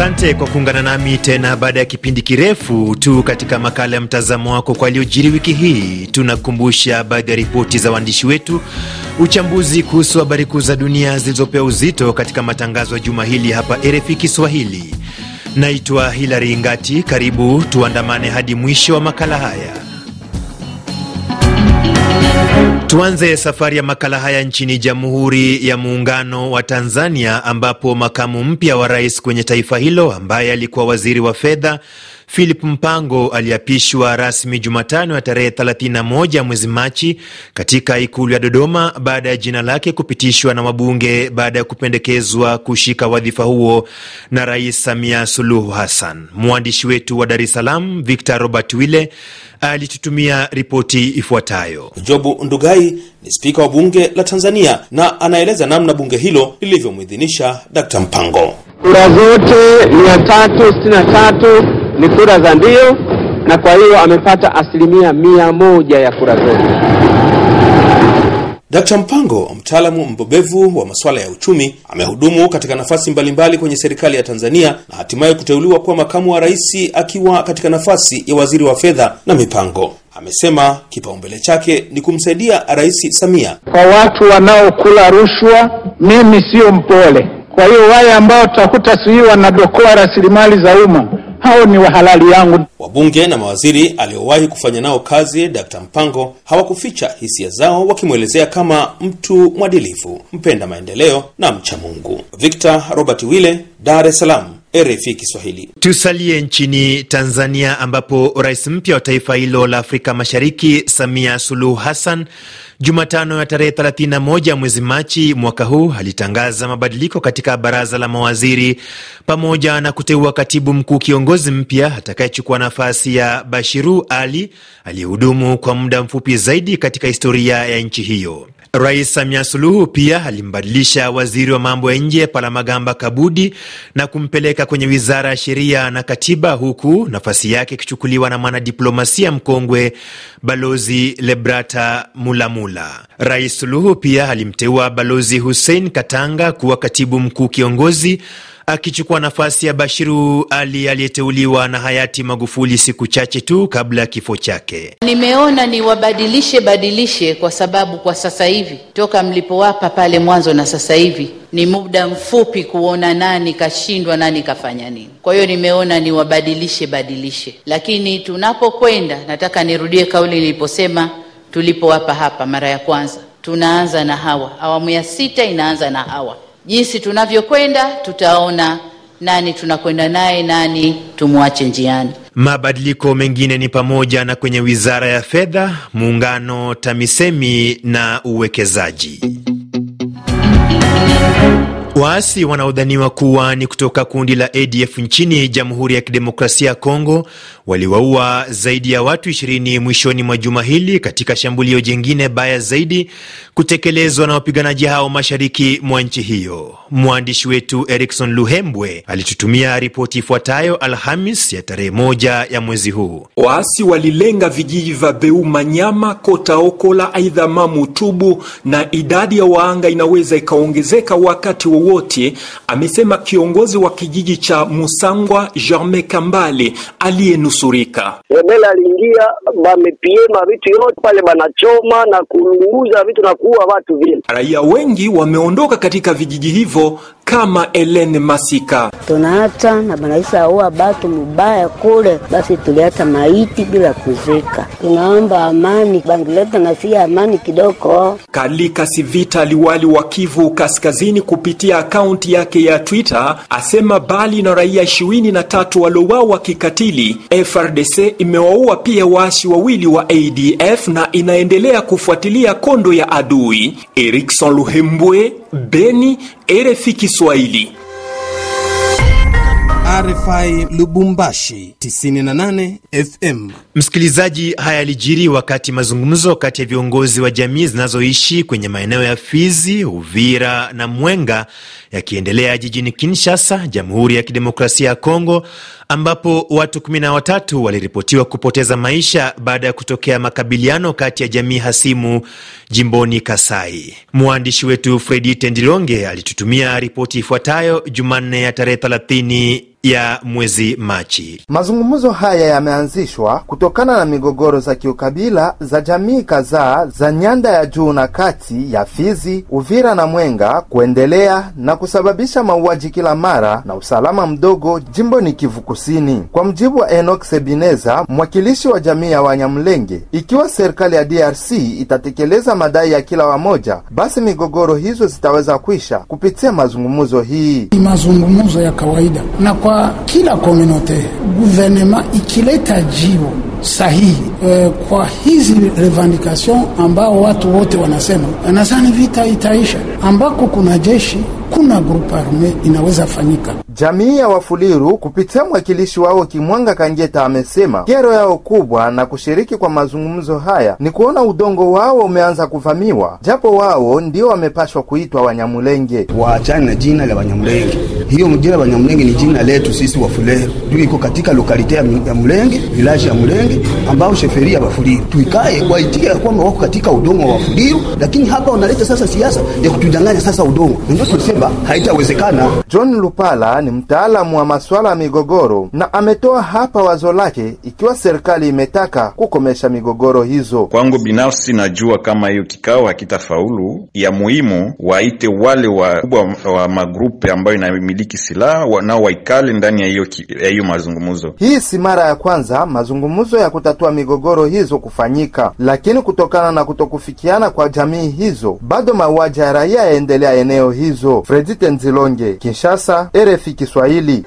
Asante kwa kuungana nami tena baada ya kipindi kirefu tu katika makala ya mtazamo wako kwa aliyojiri wiki hii. Tunakumbusha baadhi ya ripoti za waandishi wetu, uchambuzi kuhusu habari kuu za dunia zilizopewa uzito katika matangazo ya juma hili hapa RFI Kiswahili. Naitwa Hilary Ngati, karibu tuandamane hadi mwisho wa makala haya. Tuanze safari ya makala haya nchini Jamhuri ya Muungano wa Tanzania, ambapo makamu mpya wa rais kwenye taifa hilo ambaye alikuwa waziri wa fedha Philip Mpango aliapishwa rasmi Jumatano ya tarehe 31 mwezi Machi katika ikulu ya Dodoma baada ya jina lake kupitishwa na wabunge baada ya kupendekezwa kushika wadhifa huo na Rais Samia Suluhu Hassan. Mwandishi wetu wa Dar es Salaam Victor Robert Wille alitutumia ripoti ifuatayo. Jobu Ndugai ni spika wa bunge la Tanzania na anaeleza namna bunge hilo lilivyomwidhinisha Dkt. Mpango. Kura zote 363 ni kura za ndio, na kwa hiyo amepata asilimia mia moja ya kura zote. Dkt. Mpango, mtaalamu mbobevu wa masuala ya uchumi, amehudumu katika nafasi mbalimbali kwenye serikali ya Tanzania na hatimaye kuteuliwa kuwa makamu wa rais akiwa katika nafasi ya waziri wa fedha na mipango. Amesema kipaumbele chake ni kumsaidia Rais Samia. Kwa watu wanaokula rushwa, mimi sio mpole. Kwa hiyo wale ambao tutakuta sijui wanadokoa rasilimali za umma hao ni wahalali yangu. Wabunge na mawaziri aliowahi kufanya nao kazi, Dkt. Mpango hawakuficha hisia zao, wakimwelezea kama mtu mwadilifu, mpenda maendeleo na mcha Mungu. Victor Robert Wille, Dar es Salaam. RFI Kiswahili. Tusalie nchini Tanzania ambapo rais mpya wa taifa hilo la Afrika Mashariki Samia Suluhu Hassan Jumatano ya tarehe 31 mwezi Machi mwaka huu alitangaza mabadiliko katika baraza la mawaziri pamoja na kuteua katibu mkuu kiongozi mpya atakayechukua nafasi ya Bashiru Ali aliyehudumu kwa muda mfupi zaidi katika historia ya nchi hiyo. Rais Samia Suluhu pia alimbadilisha waziri wa mambo ya nje Palamagamba Kabudi na kumpeleka kwenye wizara ya sheria na katiba, huku nafasi yake ikichukuliwa na mwanadiplomasia mkongwe Balozi Lebrata Mulamula. Rais Suluhu pia alimteua Balozi Hussein Katanga kuwa katibu mkuu kiongozi akichukua nafasi ya Bashiru Ali aliyeteuliwa na hayati Magufuli siku chache tu kabla ya kifo chake. Nimeona ni wabadilishe badilishe, kwa sababu kwa sasa hivi toka mlipowapa pale mwanzo na sasa hivi ni muda mfupi kuona nani kashindwa, nani kafanya nini. Kwa hiyo nimeona ni wabadilishe badilishe, lakini tunapokwenda, nataka nirudie kauli niliposema tulipowapa hapa mara ya kwanza, tunaanza na hawa, awamu ya sita inaanza na hawa. Jinsi tunavyokwenda tutaona nani tunakwenda naye, nani tumwache njiani. Mabadiliko mengine ni pamoja na kwenye wizara ya fedha, muungano TAMISEMI na uwekezaji. Waasi wanaodhaniwa kuwa ni kutoka kundi la ADF nchini Jamhuri ya Kidemokrasia ya Kongo waliwaua zaidi ya watu 20 mwishoni mwa juma hili katika shambulio jingine baya zaidi kutekelezwa na wapiganaji hao mashariki mwa nchi hiyo. Mwandishi wetu Erikson Luhembwe alitutumia ripoti ifuatayo Alhamis ya tarehe moja ya mwezi huu. Waasi walilenga vijiji vya Beu Manyama, Kota Okola, aidha Mamutubu, na idadi ya waanga inaweza ikaongezeka wakati wowote, amesema kiongozi wa kijiji cha Musangwa Germain Kambale aliyenusu kunusurika. Rebela aliingia bamepiema vitu yote pale, banachoma na kulunguza vitu na kuua watu vile. Raia wengi wameondoka katika vijiji hivyo kama Helene Masika. Tunaacha na banaisa aua batu mubaya kule, basi tuliacha maiti bila kuzika. Tunaomba amani, bangileta nasia amani kidogo. Kalika Sivita, liwali wa Kivu Kaskazini, kupitia akaunti yake ya Twitter asema bali na raia ishirini na tatu walowawa kikatili, FRDC imewaua pia waasi wawili wa ADF na inaendelea kufuatilia kondo ya adui. Erikson Luhembwe, Beni, RFI. Kiswahili. RFI Lubumbashi 98 FM. Msikilizaji, haya yalijiri wakati mazungumzo kati ya viongozi wa jamii zinazoishi kwenye maeneo ya Fizi, Uvira na Mwenga yakiendelea jijini Kinshasa, Jamhuri ya Kidemokrasia ya Kongo ambapo watu kumi na watatu waliripotiwa kupoteza maisha baada ya kutokea makabiliano kati ya jamii hasimu jimboni Kasai. Mwandishi wetu Fredi Tendilonge alitutumia ripoti ifuatayo Jumanne ya tarehe 30 ya mwezi Machi. Mazungumzo haya yameanzishwa kutokana na migogoro za kiukabila za jamii kadhaa za nyanda ya juu na kati ya Fizi, Uvira na Mwenga kuendelea na kusababisha mauaji kila mara na usalama mdogo jimboni Kivu Kusini. Kwa mjibu wa enok Sebineza, mwakilishi wa jamii ya Wanyamlenge, ikiwa serikali ya DRC itatekeleza madai ya kila wamoja, basi migogoro hizo zitaweza kwisha kupitia mazungumzo hii, ni mazungumzo ya kawaida na kwa kila komunote. Guvernema ikileta jibo sahihi e, kwa hizi revendication ambao watu wote wanasema, nazani vita itaisha. Ambako kuna jeshi, kuna grupu arme inaweza fanyika. Jamii ya Wafuliru kupitia mwakilishi wao Kimwanga Kanjeta amesema kero yao kubwa na kushiriki kwa mazungumzo haya ni kuona udongo wao umeanza kuvamiwa, japo wao ndio wamepashwa kuitwa Wanyamulenge. Waachane na jina la Wanyamulenge hiyo wa Nyamulenge ni jina letu sisi Wafuleru, juu iko katika lokalite ya Mulenge, village ya Mulenge ambao sheferi ya Wafuliru. Tuikae waitikia kwamba wako katika udongo wa Wafuliru, lakini hapa wanaleta sasa siasa ya kutudanganya sasa udongo, ndio tunasema haitawezekana. John Lupala ni mtaalamu wa masuala ya migogoro na ametoa hapa wazo lake, ikiwa serikali imetaka kukomesha migogoro hizo. Kwangu binafsi najua kama hiyo kikao hakitafaulu, ya muhimu waite wale wakubwa wa magrupe ambayo inamiliki wamiliki silaha wanao waikale ndani ya hiyo mazungumzo. Hii si mara ya kwanza mazungumzo ya kutatua migogoro hizo kufanyika, lakini kutokana na kutokufikiana kwa jamii hizo bado mauaji ya raia yaendelea eneo hizo. Fredi Tenzilonge, Kinshasa, RFI Kiswahili.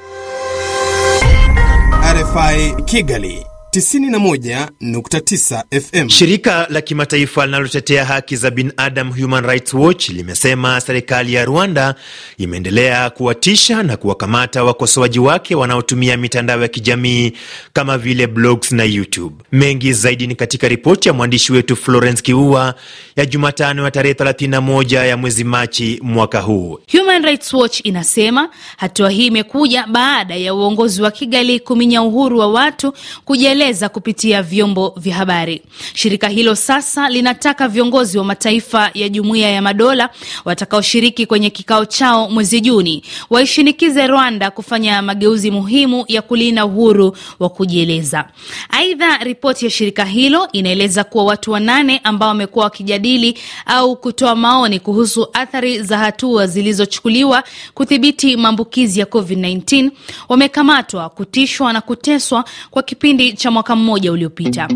RFI Kigali 91.9 FM. Shirika la kimataifa linalotetea haki za binadamu Human Rights Watch limesema serikali ya Rwanda imeendelea kuwatisha na kuwakamata wakosoaji wake wanaotumia mitandao ya kijamii kama vile blogs na YouTube. Mengi zaidi ni katika ripoti ya mwandishi wetu Florence Kiua ya Jumatano ya tarehe 31 ya mwezi Machi mwaka huu. Human Rights Watch inasema hatua hii imekuja baada ya uongozi wa Kigali kuminya uhuru wa watu kujali kujieleza kupitia vyombo vya habari. Shirika hilo sasa linataka viongozi wa mataifa ya Jumuiya ya Madola watakaoshiriki kwenye kikao chao mwezi Juni waishinikize Rwanda kufanya mageuzi muhimu ya kulinda uhuru wa kujieleza. Aidha, ripoti ya shirika hilo inaeleza kuwa watu wanane ambao wamekuwa wakijadili au kutoa maoni kuhusu athari za hatua zilizochukuliwa kudhibiti maambukizi ya COVID-19 wamekamatwa, kutishwa na kuteswa kwa kipindi cha mwaka mmoja uliopita.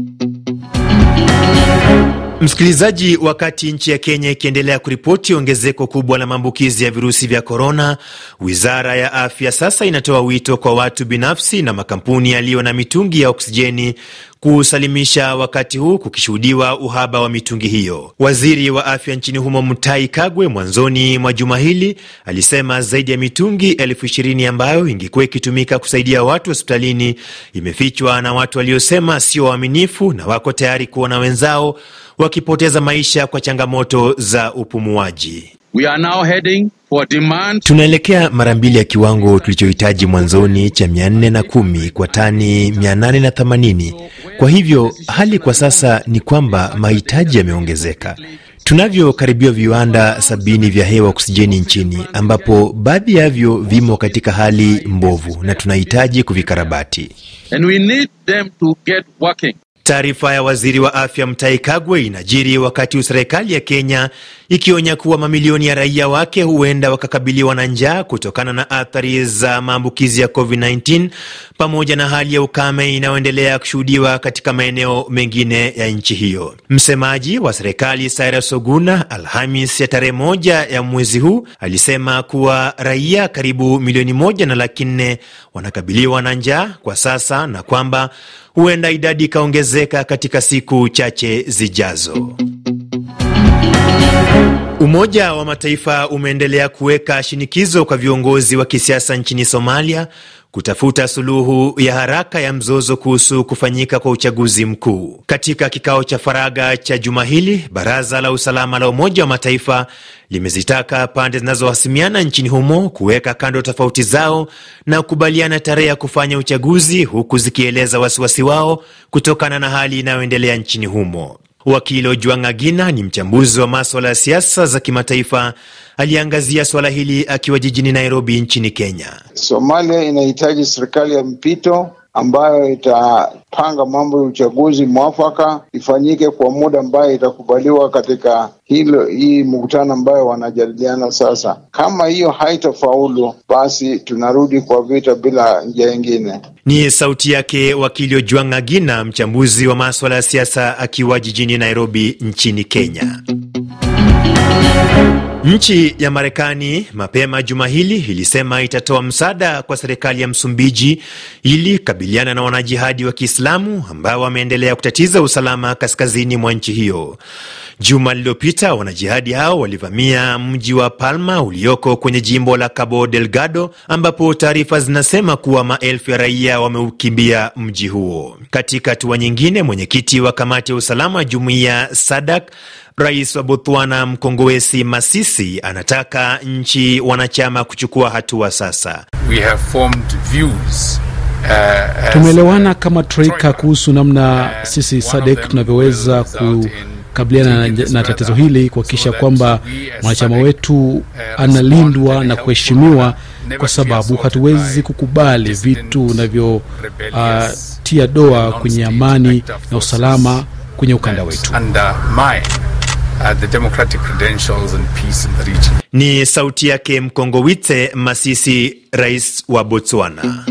Msikilizaji, wakati nchi ya Kenya ikiendelea kuripoti ongezeko kubwa la maambukizi ya virusi vya korona, wizara ya afya sasa inatoa wito kwa watu binafsi na makampuni yaliyo na mitungi ya oksijeni kusalimisha wakati huu kukishuhudiwa uhaba wa mitungi hiyo. Waziri wa afya nchini humo Mutai Kagwe mwanzoni mwa juma hili alisema zaidi ya mitungi elfu ishirini ambayo ingekuwa ikitumika kusaidia watu hospitalini imefichwa na watu waliosema sio waaminifu na wako tayari kuona wenzao wakipoteza maisha kwa changamoto za upumuaji. We are now heading for demand. Tunaelekea mara mbili ya kiwango tulichohitaji mwanzoni cha 410 kwa tani 880. Kwa hivyo hali kwa sasa ni kwamba mahitaji yameongezeka. Tunavyokaribia viwanda sabini vya hewa oksijeni nchini, ambapo baadhi yavyo vimo katika hali mbovu na tunahitaji kuvikarabati. And we need them to get working. Taarifa ya waziri wa afya Mutahi Kagwe inajiri wakati serikali ya Kenya ikionya kuwa mamilioni ya raia wake huenda wakakabiliwa na njaa kutokana na athari za maambukizi ya COVID-19 pamoja na hali ya ukame inayoendelea kushuhudiwa katika maeneo mengine ya nchi hiyo. Msemaji wa serikali Cyrus Oguna Alhamis ya tarehe moja ya mwezi huu alisema kuwa raia karibu milioni moja na laki nne wanakabiliwa na njaa kwa sasa na kwamba huenda idadi ikaongezeka katika siku chache zijazo. Umoja wa Mataifa umeendelea kuweka shinikizo kwa viongozi wa kisiasa nchini Somalia kutafuta suluhu ya haraka ya mzozo kuhusu kufanyika kwa uchaguzi mkuu. Katika kikao cha faragha cha juma hili, baraza la usalama la Umoja wa Mataifa limezitaka pande zinazohasimiana nchini humo kuweka kando tofauti zao na kukubaliana tarehe ya kufanya uchaguzi, huku zikieleza wasiwasi wao kutokana na hali inayoendelea nchini humo. Wakili Ojwang Agina ni mchambuzi wa maswala ya siasa za kimataifa. Aliangazia swala hili akiwa jijini Nairobi nchini Kenya. Somalia inahitaji serikali ya mpito ambayo itapanga mambo ya uchaguzi mwafaka ifanyike kwa muda ambayo itakubaliwa katika hilo hii mkutano ambayo wanajadiliana sasa. Kama hiyo haitofaulu, basi tunarudi kwa vita bila njia ingine. Ni sauti yake wakili Ojwang' Agina, mchambuzi wa maswala ya siasa, akiwa jijini Nairobi nchini Kenya. Nchi ya Marekani mapema juma hili ilisema itatoa msaada kwa serikali ya Msumbiji ili kabiliana na wanajihadi wa Kiislamu ambao wameendelea kutatiza usalama kaskazini mwa nchi hiyo. Juma lililopita wanajihadi hao walivamia mji wa Palma ulioko kwenye jimbo la Cabo Delgado, ambapo taarifa zinasema kuwa maelfu ya raia wameukimbia mji huo. Katika hatua nyingine, mwenyekiti wa kamati ya usalama jumuia jumuiya SADAK Rais wa Botswana Mkongowesi Masisi anataka nchi wanachama kuchukua hatua sasa. Uh, tumeelewana kama troika kuhusu namna uh, sisi SADC tunavyoweza kukabiliana na tatizo hili kuhakikisha kwamba mwanachama uh, wetu analindwa na kuheshimiwa, kwa sababu hatuwezi kukubali vitu vinavyotia uh, doa kwenye amani na usalama kwenye ukanda wetu. Uh, Ni sauti yake Mkongowitse Masisi, rais wa Botswana.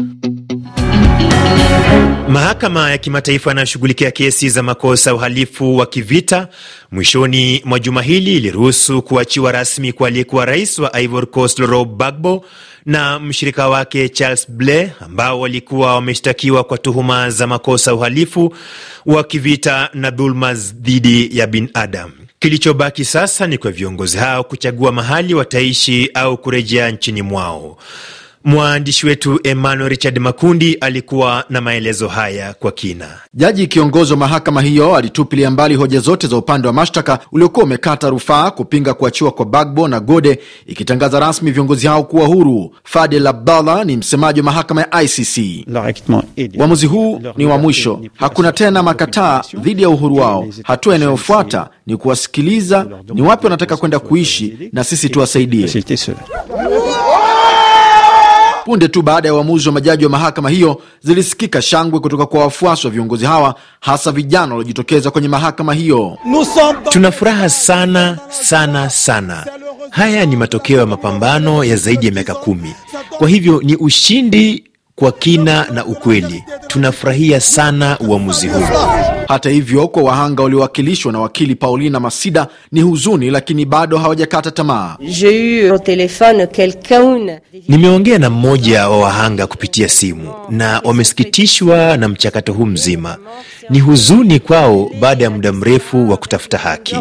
Mahakama ya kimataifa inayoshughulikia kesi za makosa ya uhalifu wa kivita mwishoni mwa juma hili iliruhusu kuachiwa rasmi kwa aliyekuwa rais wa Ivory Coast Laurent Gbagbo na mshirika wake Charles ble ambao walikuwa wameshtakiwa kwa tuhuma za makosa ya uhalifu wa kivita na dhuluma dhidi ya binadamu. Kilichobaki sasa ni kwa viongozi hao kuchagua mahali wataishi au kurejea nchini mwao. Mwandishi wetu Emmanuel Richard Makundi alikuwa na maelezo haya kwa kina. Jaji kiongozi wa mahakama hiyo alitupilia mbali hoja zote za upande wa mashtaka uliokuwa umekata rufaa kupinga kuachiwa kwa Bagbo na Gode, ikitangaza rasmi viongozi hao kuwa huru. Fadel Abdallah ni msemaji wa mahakama ya ICC. Uamuzi huu ni wa mwisho, hakuna tena makataa dhidi ya uhuru wao. Hatua inayofuata ni kuwasikiliza, ni wapi wanataka kwenda kuishi, na sisi tuwasaidie. Punde tu baada ya uamuzi wa majaji wa mahakama hiyo, zilisikika shangwe kutoka kwa wafuasi wa viongozi hawa, hasa vijana waliojitokeza kwenye mahakama hiyo. Tuna furaha sana sana sana. Haya ni matokeo ya mapambano ya zaidi ya miaka kumi, kwa hivyo ni ushindi kwa kina na ukweli. Tunafurahia sana uamuzi huu. Hata hivyo, kwa wahanga waliowakilishwa na wakili Paulina Masida ni huzuni, lakini bado hawajakata tamaa. Nimeongea na mmoja wa wahanga kupitia simu na wamesikitishwa na mchakato huu mzima. Ni huzuni kwao baada ya muda mrefu wa kutafuta haki.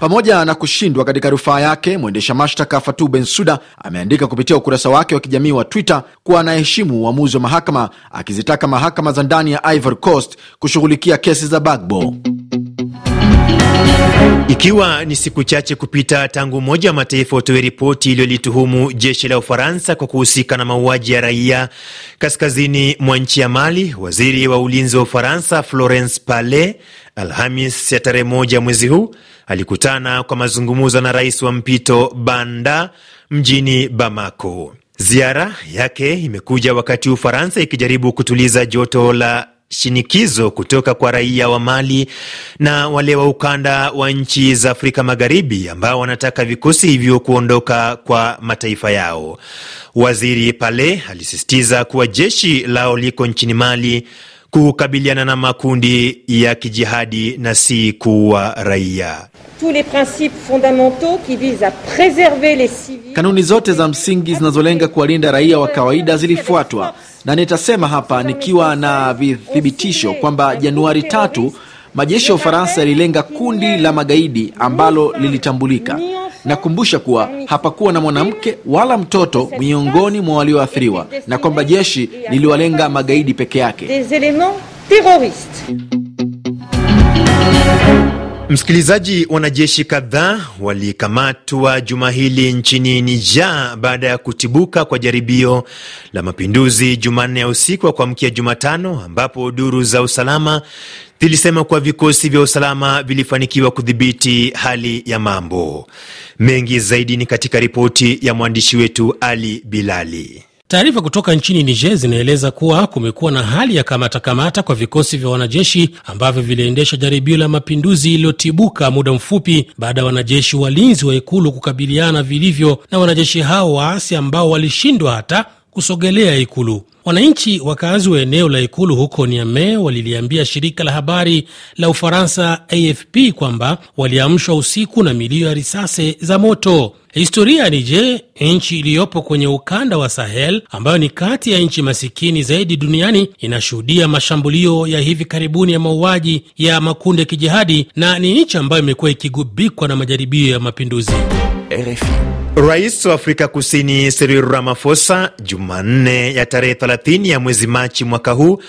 Pamoja na kushindwa katika rufaa yake, mwendesha mashtaka Fatou Bensouda ameandika kupitia ukurasa wake wa kijamii wa Twitter kuwa anaheshimu kupingu uamuzi wa mahakama akizitaka mahakama za ndani ya Ivory Coast kushughulikia kesi za bagbo Ikiwa ni siku chache kupita tangu Umoja wa Mataifa utoe ripoti iliyolituhumu jeshi la Ufaransa kwa kuhusika na mauaji ya raia kaskazini mwa nchi ya Mali, waziri wa ulinzi wa Ufaransa Florence pale Alhamis ya tarehe moja mwezi huu alikutana kwa mazungumzo na rais wa mpito Banda mjini Bamako. Ziara yake imekuja wakati Ufaransa ikijaribu kutuliza joto la shinikizo kutoka kwa raia wa Mali na wale wa ukanda wa nchi za Afrika Magharibi ambao wanataka vikosi hivyo kuondoka kwa mataifa yao. Waziri Pale alisisitiza kuwa jeshi lao liko nchini Mali kukabiliana na makundi ya kijihadi na si kuwa raia. Kanuni zote za msingi zinazolenga kuwalinda raia wa kawaida zilifuatwa, na nitasema hapa nikiwa na vithibitisho kwamba Januari tatu majeshi ya Ufaransa yalilenga kundi la magaidi ambalo lilitambulika Nakumbusha kuwa hapakuwa na mwanamke wala mtoto miongoni mwa walioathiriwa na kwamba jeshi liliwalenga magaidi peke yake. Msikilizaji, wanajeshi kadhaa walikamatwa juma hili nchini Niger baada ya kutibuka kwa jaribio la mapinduzi Jumanne ya usiku wa kuamkia Jumatano, ambapo duru za usalama zilisema kuwa vikosi vya usalama vilifanikiwa kudhibiti hali ya mambo. Mengi zaidi ni katika ripoti ya mwandishi wetu Ali Bilali. Taarifa kutoka nchini Niger zinaeleza kuwa kumekuwa na hali ya kamatakamata kamata kwa vikosi vya wanajeshi ambavyo viliendesha jaribio la mapinduzi iliyotibuka muda mfupi baada ya wanajeshi walinzi wa ikulu kukabiliana vilivyo na wanajeshi hao waasi ambao walishindwa hata kusogelea Ikulu. Wananchi wakazi wa eneo la ikulu huko Niamey waliliambia shirika la habari la Ufaransa AFP kwamba waliamshwa usiku na milio ya risasi za moto. Historia ni je, nchi iliyopo kwenye ukanda wa Sahel ambayo ni kati ya nchi masikini zaidi duniani inashuhudia mashambulio ya hivi karibuni ya mauaji ya makundi ya kijihadi na ni nchi ambayo imekuwa ikigubikwa na majaribio ya mapinduzi. RFI. Rais wa Afrika Kusini Cyril Ramaphosa Jumanne ya tarehe 30 ya mwezi Machi mwaka huu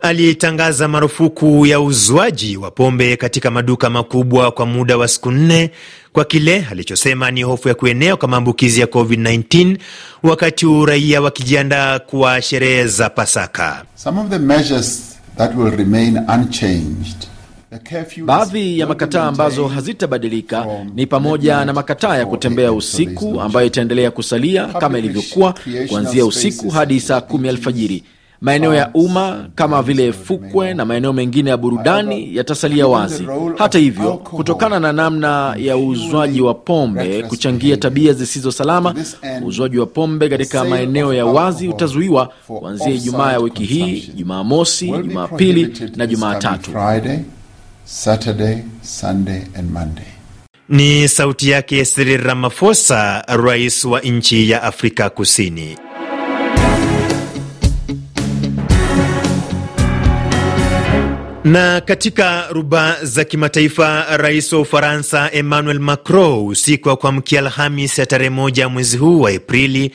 alitangaza marufuku ya uzwaji wa pombe katika maduka makubwa kwa muda wa siku nne kwa kile alichosema ni hofu ya kuenea kwa maambukizi ya COVID-19 wakati raia wakijiandaa kwa sherehe za Pasaka. Some of the measures that will remain unchanged Baadhi ya makataa ambazo hazitabadilika ni pamoja na makataa ya kutembea usiku ambayo itaendelea kusalia kama ilivyokuwa kuanzia usiku hadi saa kumi alfajiri. Maeneo ya umma kama vile fukwe na maeneo mengine ya burudani yatasalia wazi. Hata hivyo, kutokana na namna ya uuzwaji wa pombe kuchangia tabia zisizo salama, uuzwaji wa pombe katika maeneo ya wazi utazuiwa kuanzia Ijumaa ya wiki hii, jumaa mosi jumaa pili na jumaa tatu Saturday, Sunday and Monday. Ni sauti yake Cyril Ramaphosa, rais wa nchi ya Afrika Kusini. Na katika ruba za kimataifa, rais wa Ufaransa Emmanuel Macron usiku wa kuamkia Alhamis ya tarehe moja mwezi huu wa Aprili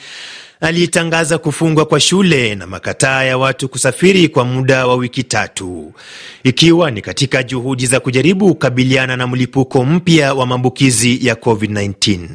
aliyetangaza kufungwa kwa shule na makataa ya watu kusafiri kwa muda wa wiki tatu, ikiwa ni katika juhudi za kujaribu kukabiliana na mlipuko mpya wa maambukizi ya COVID-19.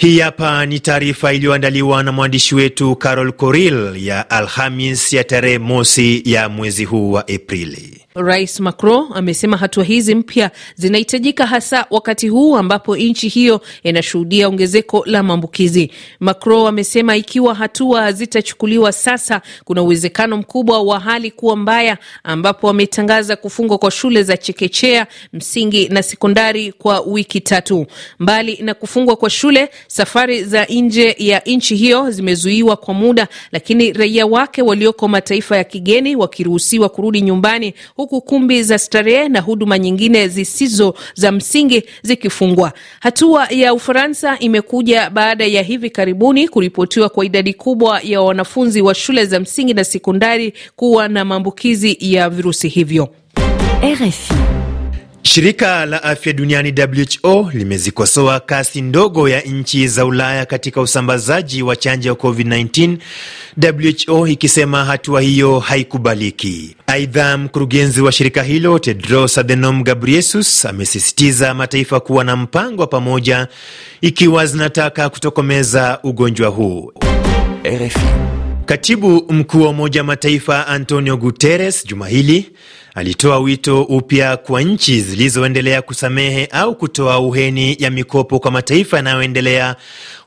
Hii hapa ni taarifa iliyoandaliwa na mwandishi wetu Carol Coril ya Alhamis ya tarehe mosi ya mwezi huu wa Aprili. Rais Macron amesema hatua hizi mpya zinahitajika hasa wakati huu ambapo nchi hiyo inashuhudia ongezeko la maambukizi. Macron amesema ikiwa hatua zitachukuliwa sasa, kuna uwezekano mkubwa wa hali kuwa mbaya, ambapo ametangaza kufungwa kwa shule za chekechea, msingi na sekondari kwa wiki tatu. Mbali na kufungwa kwa shule Safari za nje ya nchi hiyo zimezuiwa kwa muda, lakini raia wake walioko mataifa ya kigeni wakiruhusiwa kurudi nyumbani, huku kumbi za starehe na huduma nyingine zisizo za msingi zikifungwa. Hatua ya Ufaransa imekuja baada ya hivi karibuni kuripotiwa kwa idadi kubwa ya wanafunzi wa shule za msingi na sekondari kuwa na maambukizi ya virusi hivyo. RFI. Shirika la afya duniani WHO limezikosoa kasi ndogo ya nchi za Ulaya katika usambazaji wa chanjo ya COVID-19, WHO ikisema hatua hiyo haikubaliki. Aidha, mkurugenzi wa shirika hilo Tedros Adhanom Ghebreyesus amesisitiza mataifa kuwa na mpango wa pamoja ikiwa zinataka kutokomeza ugonjwa huu. RFI. Katibu mkuu wa Umoja Mataifa Antonio Guterres juma hili alitoa wito upya kwa nchi zilizoendelea kusamehe au kutoa uheni ya mikopo kwa mataifa yanayoendelea,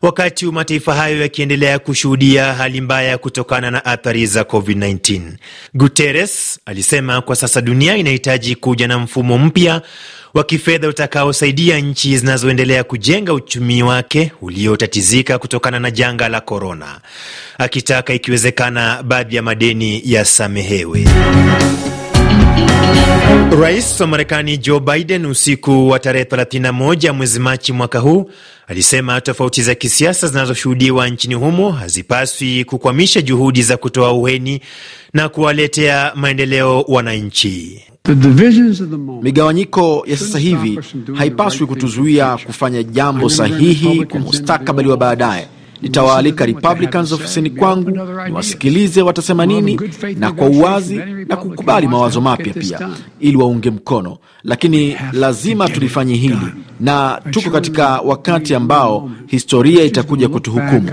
wakati mataifa hayo yakiendelea kushuhudia hali mbaya kutokana na athari za COVID-19. Guterres alisema kwa sasa dunia inahitaji kuja na mfumo mpya wa kifedha utakaosaidia nchi zinazoendelea kujenga uchumi wake uliotatizika kutokana na janga la korona, akitaka ikiwezekana baadhi ya madeni yasamehewe. Rais wa Marekani Joe Biden usiku wa tarehe 31 mwezi Machi mwaka huu alisema tofauti za kisiasa zinazoshuhudiwa nchini humo hazipaswi kukwamisha juhudi za kutoa uheni na kuwaletea maendeleo wananchi. Migawanyiko ya sasa hivi haipaswi kutuzuia kufanya jambo sahihi kwa mustakabali wa baadaye. Nitawaalika Republicans ofisini kwangu niwasikilize watasema nini, na kwa uwazi na kukubali mawazo mapya pia, ili waunge mkono. Lakini lazima tulifanye hili, na tuko katika wakati ambao historia itakuja kutuhukumu.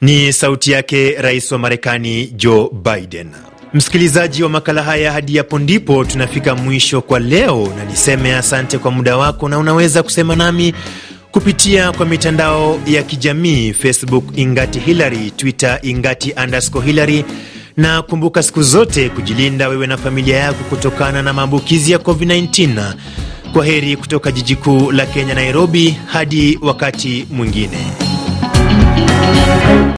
Ni sauti yake rais wa Marekani Joe Biden. Msikilizaji wa makala haya, hadi hapo ndipo tunafika mwisho kwa leo, na niseme asante kwa muda wako, na unaweza kusema nami kupitia kwa mitandao ya kijamii Facebook ingati Hillary, Twitter ingati underscore Hillary. Na kumbuka siku zote kujilinda wewe na familia yako kutokana na maambukizi ya COVID-19. Kwa heri kutoka jiji kuu la Kenya, Nairobi, hadi wakati mwingine.